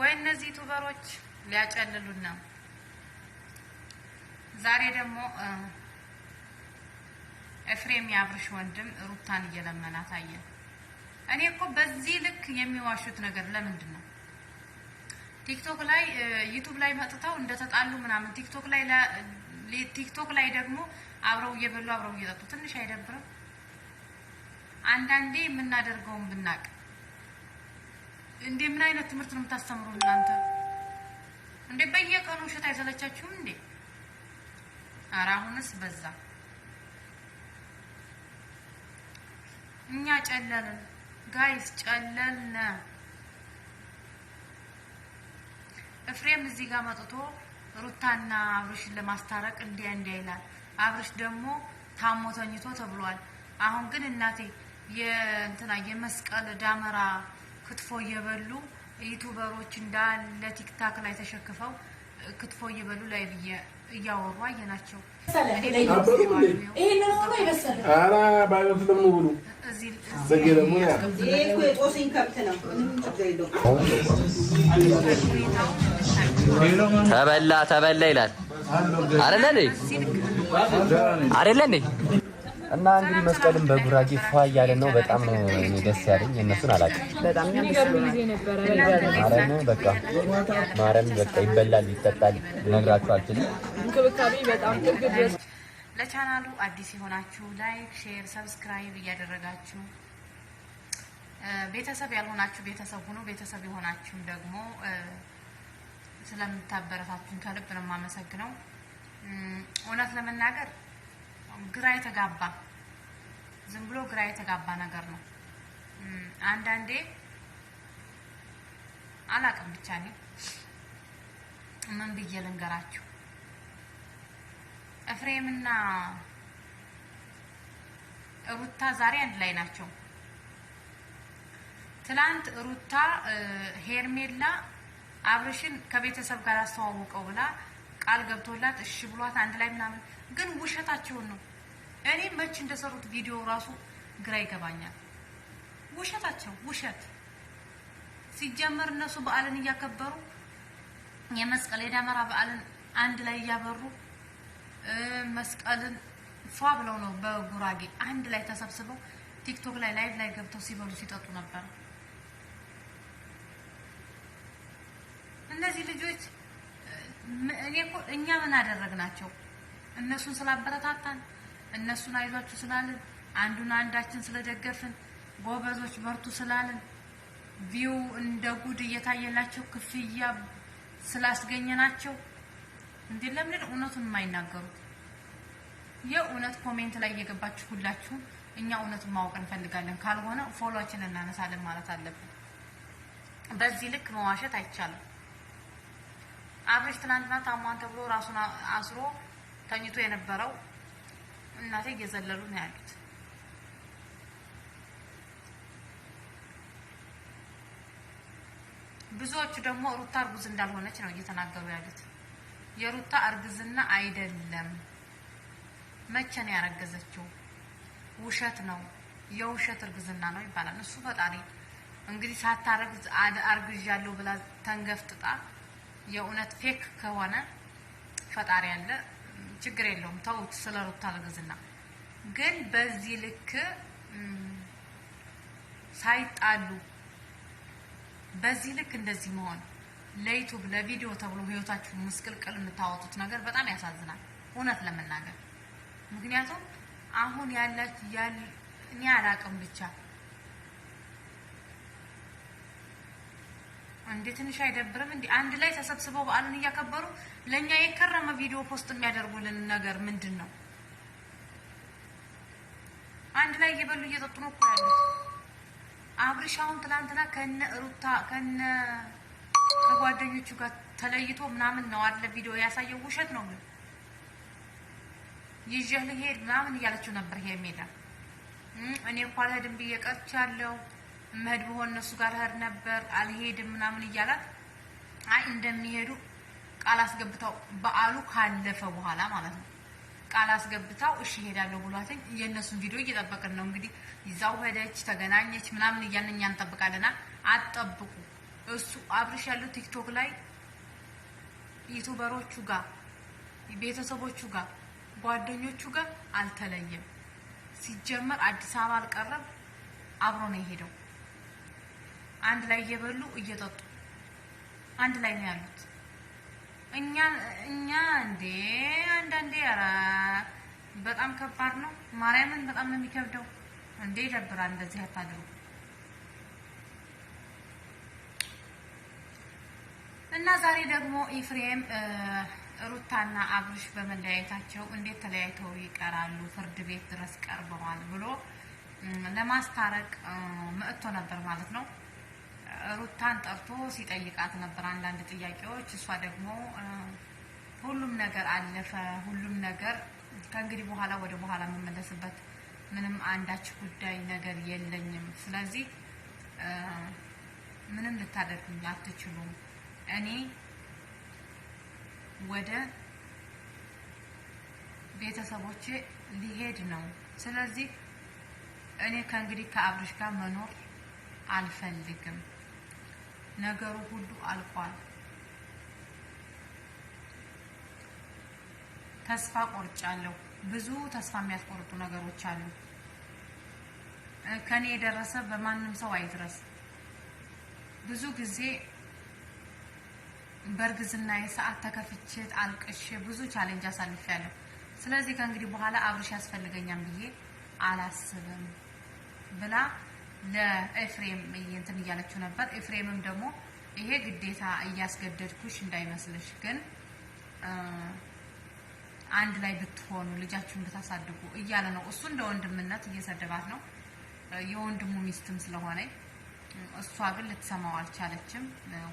ወይ እነዚህ ቱበሮች ሊያጨልሉን ነው። ዛሬ ደግሞ ኤፍሬም ያብርሽ ወንድም ሩታን እየለመናት አየ። እኔ እኮ በዚህ ልክ የሚዋሹት ነገር ለምንድን ነው? ቲክቶክ ላይ ዩቱብ ላይ መጥተው እንደተጣሉ ምናምን ቲክቶክ ላይ ቲክቶክ ላይ ደግሞ አብረው እየበሉ አብረው እየጠጡ ትንሽ አይደብርም? አንዳንዴ የምናደርገውን ብናቅ እንዴ ምን አይነት ትምህርት ነው የምታስተምሩ እናንተ? እንዴ በየቀኑ ውሸት አይሰለቻችሁም እንዴ? ኧረ አሁንስ በዛ። እኛ ጨለልን ጋይስ፣ ጨለልን። እፍሬም እዚህ ጋር መጥቶ ሩታና አብርሽን ለማስታረቅ እንዲያ እንዲያ ይላል። አብርሽ ደግሞ ታሞ ተኝቶ ተብሏል። አሁን ግን እናቴ የእንትና የመስቀል ዳመራ ክትፎ እየበሉ ዩቱበሮች እንዳለ ቲክታክ ላይ ተሸክፈው ክትፎ እየበሉ ላይ ብዬ እያወሩ ናቸው። ተበላ ተበላ ይላል አለ አይደለ? እና እንግዲህ መስቀልም በጉራጌ ፏ እያለ ነው። በጣም ደስ ያለኝ የእነሱን አላውቅም። በቃ ማረም በቃ ይበላል፣ ይጠጣል። ነግራችሁ አልችልም። ለቻናሉ አዲስ የሆናችሁ ላይክ፣ ሼር፣ ሰብስክራይብ እያደረጋችሁ ቤተሰብ ያልሆናችሁ ቤተሰብ ሁኑ። ቤተሰብ የሆናችሁ ደግሞ ስለምታበረታቱን ከልብ ነው የማመሰግነው። እውነት ለመናገር ግራ የተጋባ ዝም ብሎ ግራ የተጋባ ነገር ነው። አንዳንዴ አላቅም ብቻ እኔ ምን ብዬ ልንገራችሁ። እፍሬምና ሩታ ዛሬ አንድ ላይ ናቸው። ትላንት ሩታ ሄርሜላ አብርሽን ከቤተሰብ ጋር አስተዋውቀው ብላ ቃል ገብቶላት እሺ ብሏት አንድ ላይ ምናምን፣ ግን ውሸታቸውን ነው እኔ መች እንደሰሩት ቪዲዮ ራሱ ግራ ይገባኛል። ውሸታቸው ውሸት ሲጀመር እነሱ በዓልን እያከበሩ የመስቀል የደመራ በዓልን አንድ ላይ እያበሩ መስቀልን ፏ ብለው ነው በጉራጌ አንድ ላይ ተሰብስበው ቲክቶክ ላይ ላይቭ ላይ ገብተው ሲበሉ ሲጠጡ ነበር። እነዚህ ልጆች እኔ እኮ እኛ ምን አደረግናቸው? እነሱን ስላበረታታን እነሱን አይዟችሁ ስላልን አንዱን አንዳችን ስለደገፍን ጎበዞች በርቱ ስላልን ቪው እንደ ጉድ እየታየላቸው ክፍያ ስላስገኘናቸው እንዴ ለምን እውነቱን የማይናገሩት? የእውነት ኮሜንት ላይ እየገባችሁ ሁላችሁም እኛ እውነቱን ማወቅ እንፈልጋለን፣ ካልሆነ ፎሎችን እናነሳለን ማለት አለብን። በዚህ ልክ መዋሸት አይቻልም። አብሬሽ ትናንትና ታሟን ተብሎ ራሱን አስሮ ተኝቶ የነበረው እናቴ እየዘለሉ ነው ያሉት። ብዙዎቹ ደግሞ ሩታ እርጉዝ እንዳልሆነች ነው እየተናገሩ ያሉት። የሩታ እርግዝና አይደለም። መቼ ነው ያረገዘችው? ውሸት ነው፣ የውሸት እርግዝና ነው ይባላል። እሱ ፈጣሪ እንግዲህ ሳታረግዝ አርግዣለሁ ብላ ተንገፍጥጣ የእውነት ፌክ ከሆነ ፈጣሪ አለ። ችግር የለውም ተውት፣ ስለ ሩታ አልገዝና ግን በዚህ ልክ ሳይጣሉ በዚህ ልክ እንደዚህ መሆን ለዩቱብ ለቪዲዮ ተብሎ ህይወታችሁ ምስቅልቅል የምታወጡት ነገር በጣም ያሳዝናል፣ እውነት ለመናገር ምክንያቱም አሁን ያላችሁ እኔ አላቅም ብቻ እንዴ ትንሽ አይደብርም? እንዲ አንድ ላይ ተሰብስበው በዓሉን እያከበሩ ለእኛ የከረመ ቪዲዮ ፖስት የሚያደርጉልን ነገር ምንድን ነው? አንድ ላይ እየበሉ እየጠጡ ነው እኮ ያሉት። አብርሽ ትላንትና ከነ ሩታ ከነ ከጓደኞቹ ጋር ተለይቶ ምናምን ነው አለ ቪዲዮ ያሳየው። ውሸት ነው ግን ይዤህ ልሄድ ምናምን እያለችው ነበር ሜዳ እኔ እኮ አልሄድም ብዬ ቀርቻለሁ መድ በሆን እነሱ ጋር እህድ ነበር አልሄድም ምናምን እያላት አይ እንደሚሄዱ ቃል አስገብታው በዓሉ ካለፈ በኋላ ማለት ነው ቃል አስገብተው እሺ ሄዳለሁ ብሏትኝ የእነሱን ቪዲዮ እየጠበቅን ነው እንግዲህ ይዛው ሄደች ተገናኘች ምናምን እያልን እኛ እንጠብቃለና አጠብቁ እሱ አብርሽ ያለው ቲክቶክ ላይ ዩቱበሮቹ ጋር ቤተሰቦቹ ጋር ጓደኞቹ ጋር አልተለየም ሲጀመር አዲስ አበባ አልቀረም አብሮ ነው የሄደው አንድ ላይ እየበሉ እየጠጡ አንድ ላይ ነው ያሉት። እኛ እኛ እንዴ አንዳንዴ ኧረ በጣም ከባድ ነው። ማርያምን በጣም ነው የሚከብደው። እንዴ ይደብራል። እንደዚህ አታድሩ እና ዛሬ ደግሞ ኢፍሬም ሩታና አብርሽ በመለያየታቸው እንዴት ተለያይተው ይቀራሉ ፍርድ ቤት ድረስ ቀርበዋል ብሎ ለማስታረቅ መጥቶ ነበር ማለት ነው። ሩታን ጠርቶ ሲጠይቃት ነበር አንዳንድ ጥያቄዎች። እሷ ደግሞ ሁሉም ነገር አለፈ፣ ሁሉም ነገር ከእንግዲህ በኋላ ወደ በኋላ የምመለስበት ምንም አንዳች ጉዳይ ነገር የለኝም፣ ስለዚህ ምንም ልታደርጉኝ አትችሉም፣ እኔ ወደ ቤተሰቦቼ ሊሄድ ነው፣ ስለዚህ እኔ ከእንግዲህ ከአብርሽ ጋር መኖር አልፈልግም። ነገሩ ሁሉ አልቋል። ተስፋ ቆርጫለሁ። ብዙ ተስፋ የሚያስቆርጡ ነገሮች አሉ። ከኔ የደረሰ በማንም ሰው አይድረስ። ብዙ ጊዜ በእርግዝና የሰዓት ተከፍቼ አልቅሼ ብዙ ቻሌንጅ አሳልፌያለሁ። ስለዚህ ከእንግዲህ በኋላ አብርሽ ያስፈልገኛም ብዬ አላስብም ብላ ለኤፍሬም እንትን እያለችው ነበር። ኤፍሬምም ደግሞ ይሄ ግዴታ እያስገደድኩሽ እንዳይመስልሽ፣ ግን አንድ ላይ ብትሆኑ ልጃችሁን ብታሳድጉ እያለ ነው። እሱ እንደ ወንድምነት እየሰደባት ነው። የወንድሙ ሚስትም ስለሆነ እሷ ግን ልትሰማው አልቻለችም።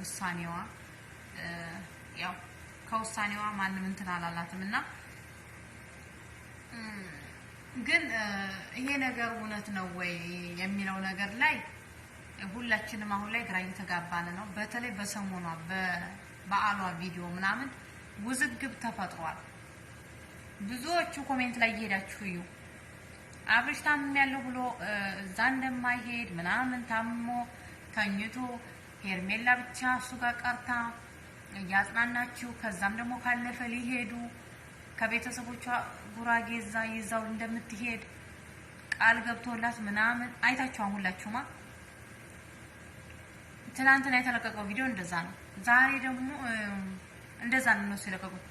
ውሳኔዋ ያው ከውሳኔዋ ማንም እንትን አላላትም እና ግን ይሄ ነገር እውነት ነው ወይ የሚለው ነገር ላይ ሁላችንም አሁን ላይ ግራ እየተጋባን ነው። በተለይ በሰሞኗ በበዓሏ ቪዲዮ ምናምን ውዝግብ ተፈጥሯል። ብዙዎቹ ኮሜንት ላይ እየሄዳችሁ እዩ አብርሽ ታምም ያለው ብሎ እዛ እንደማይሄድ ምናምን ታምሞ ተኝቶ ሄርሜላ ብቻ እሱ ጋር ቀርታ እያጽናናችሁ ከዛም ደግሞ ካለፈ ሊሄዱ ከቤተሰቦቿ ጉራጌ እዛ ይዛው እንደምትሄድ ቃል ገብቶላት ምናምን አይታችኋል ሁላችሁማ። ትናንትና የተለቀቀው ቪዲዮ እንደዛ ነው። ዛሬ ደግሞ እንደዛ ነው እነሱ የለቀቁት።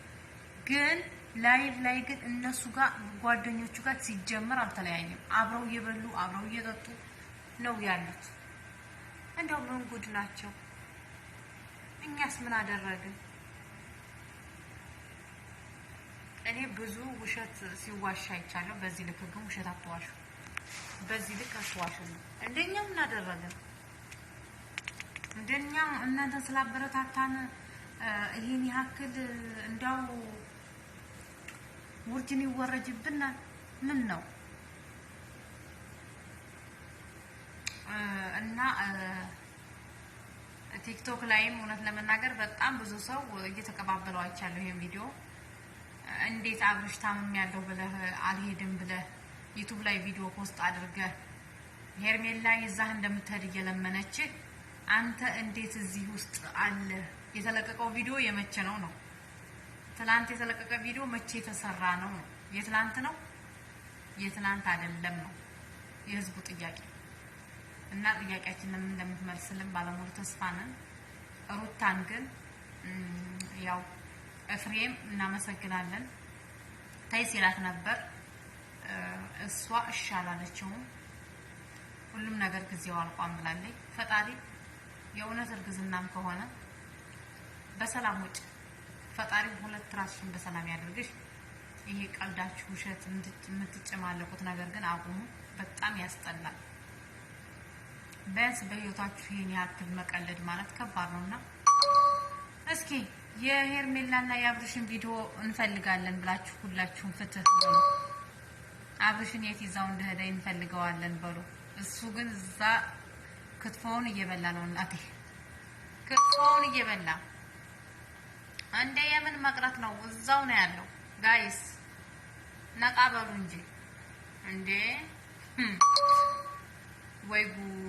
ግን ላይቭ ላይ ግን እነሱ ጋር ጓደኞቹ ጋር ሲጀመር አልተለያየም። አብረው እየበሉ አብረው እየጠጡ ነው ያሉት። እንደው ምን ጉድ ናቸው! እኛስ ምን አደረግን? እኔ ብዙ ውሸት ሲዋሽ አይቻለሁ። በዚህ ልክ ግን ውሸት አትዋሹ፣ በዚህ ልክ አትዋሹ። እንደኛው አደረገ? እንደኛ እናንተ ስላበረታታን ይሄን ያክል እንዳው ውርጅን ይወረጅብናል። ምን ነው እና ቲክቶክ ላይም እውነት ለመናገር በጣም ብዙ ሰው እየተቀባበለው አይቻለሁ ይሄን ቪዲዮ እንዴት አብርሽ ታምም ያለው ብለህ አልሄድም ብለህ ዩቱብ ላይ ቪዲዮ ፖስት አድርገህ ሄርሜላ የዛህ እንደምትሄድ እየለመነች አንተ እንዴት እዚህ ውስጥ አለ? የተለቀቀው ቪዲዮ የመቼ ነው ነው? ትላንት የተለቀቀ ቪዲዮ መቼ የተሰራ ነው ነው? የትላንት ነው የትላንት አይደለም ነው የህዝቡ ጥያቄ እና ጥያቄያችንን እንደምትመልስልን ባለሙሉ ተስፋ ነን። ሩታን ግን ያው ኤፍሬም እናመሰግናለን። ተይ ሲላት ነበር። እሷ እሺ አላለችውም። ሁሉም ነገር ጊዜው አልቋም ብላለች። ፈጣሪ የእውነት እርግዝናም ከሆነ በሰላም ውጭ ፈጣሪ ሁለት ራስሽን በሰላም ያደርግሽ። ይሄ ቀልዳችሁ ውሸት የምትጨማለቁት ነገር ግን አቁሙ። በጣም ያስጠላል። ቢያንስ በህይወታችሁ ይህን ያክል መቀለድ ማለት ከባድ ነው እና እስኪ የሄርሜላና የአብርሽን ቪዲዮ እንፈልጋለን ብላችሁ ሁላችሁም ፍትህ በሉ። አብርሽን የት ይዛው እንደሄደ እንፈልገዋለን በሉ። እሱ ግን እዛ ክትፎውን እየበላ ነው። እናቴ ክትፎውን እየበላ እንደ የምን መቅረት ነው? እዛው ነው ያለው። ጋይስ ነቃ በሉ እንጂ እንዴ! ወይ ጉድ